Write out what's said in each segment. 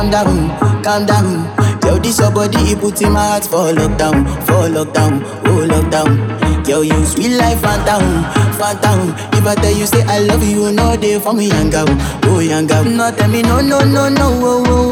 calm down, calm down. Yo, this your body, it puts in my heart for lockdown, for lockdown, oh lockdown. Yo, you sweet life, phantom, phantom. If I tell you say I love you, no day for me, young girl, oh young girl. No, tell me no, no, no, no, oh, oh.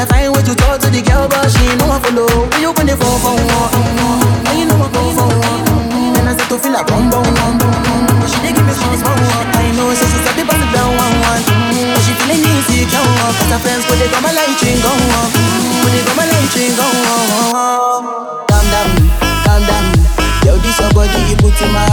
a time when you talk to the girl, but she ain't no follow. When you going the phone, for one, when you know I go for one, then I start to feel like bum bum bum bum. But she dey give me strong strong one. I know, so she start to pass it down one one. But she feeling insecure, cause her friends when they got my light chain go on, when they got my light chain go on. Calm down, calm down, yo, this your body you put in my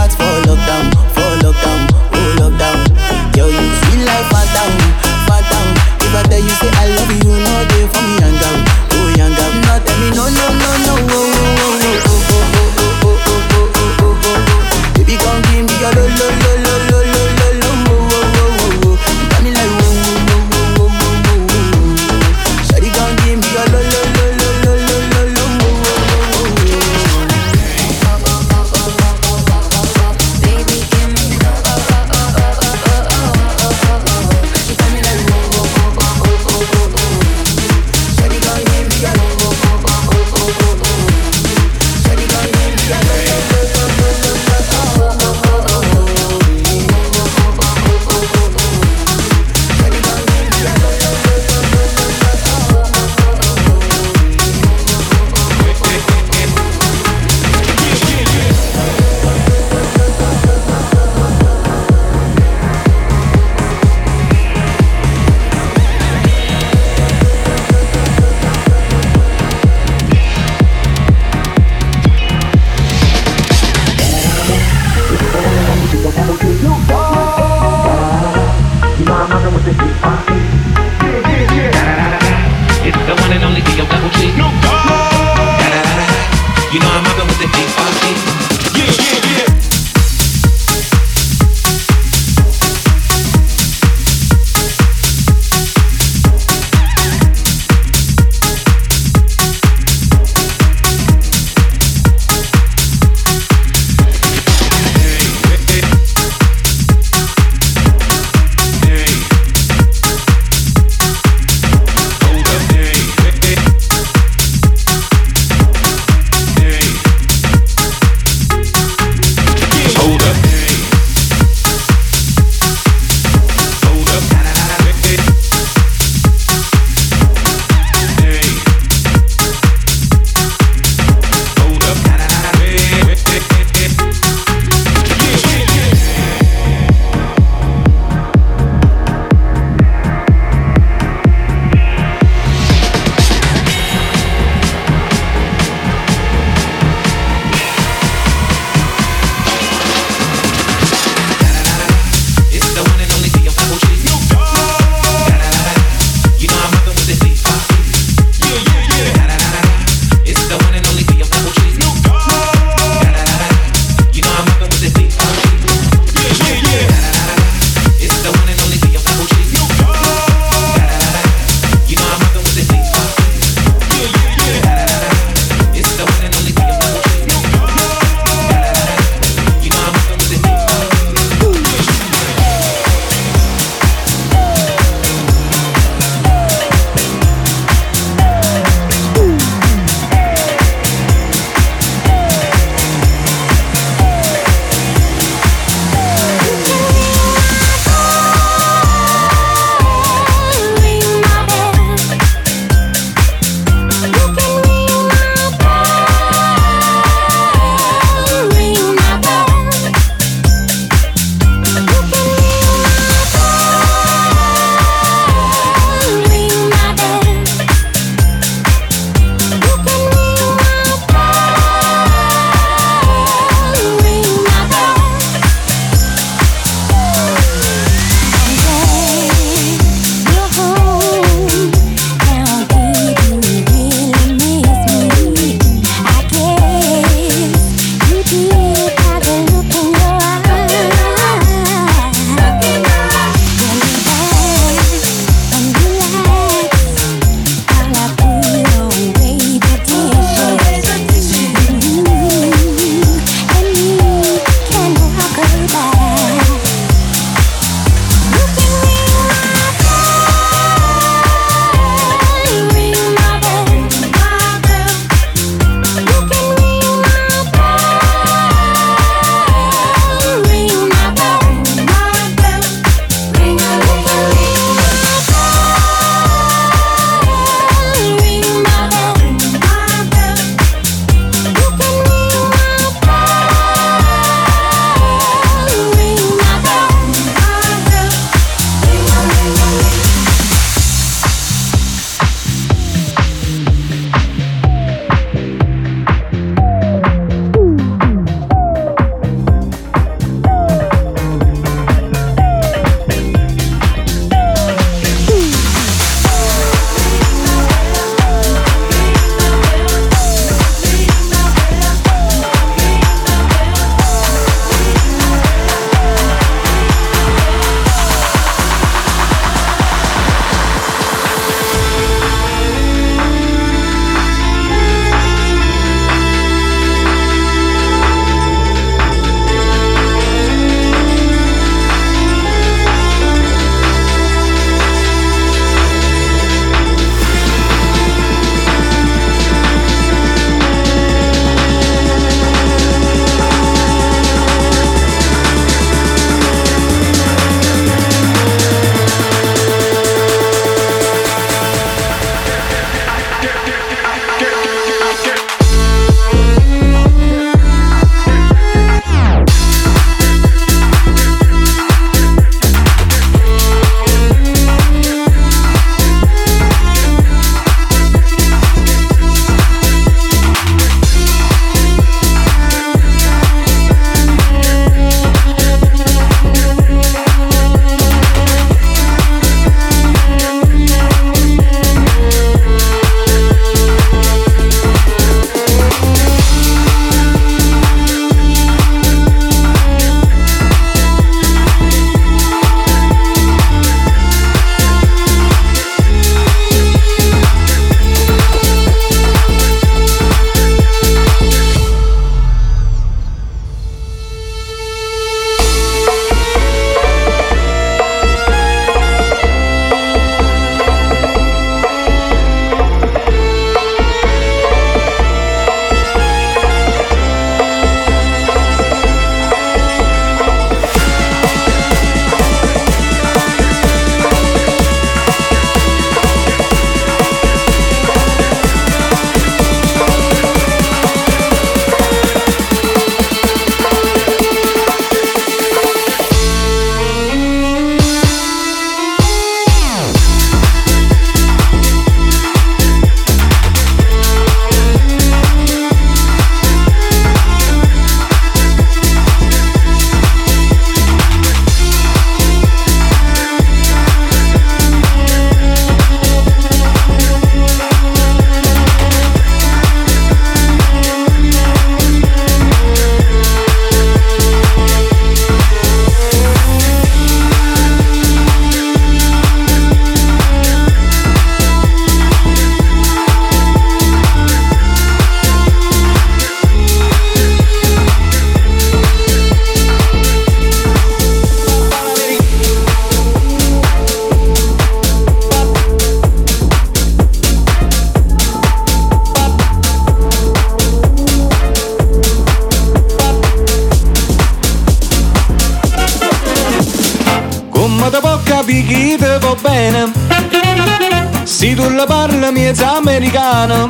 Se tu la parla mi è americana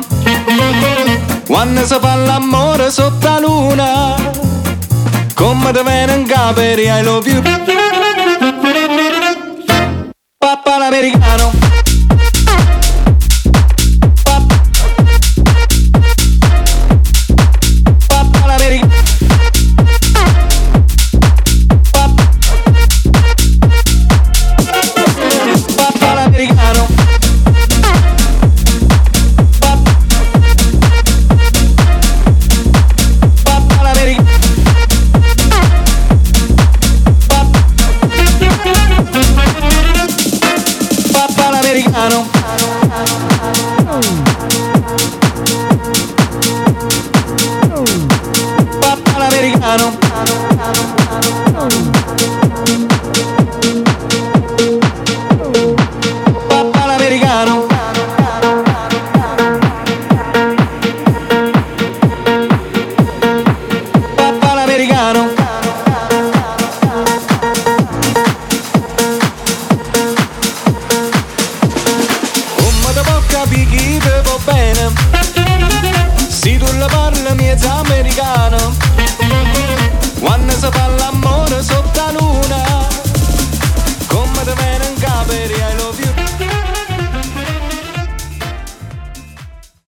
Quando si fa l'amore sotto la luna Come te viene in capo e I love you Papà l'americano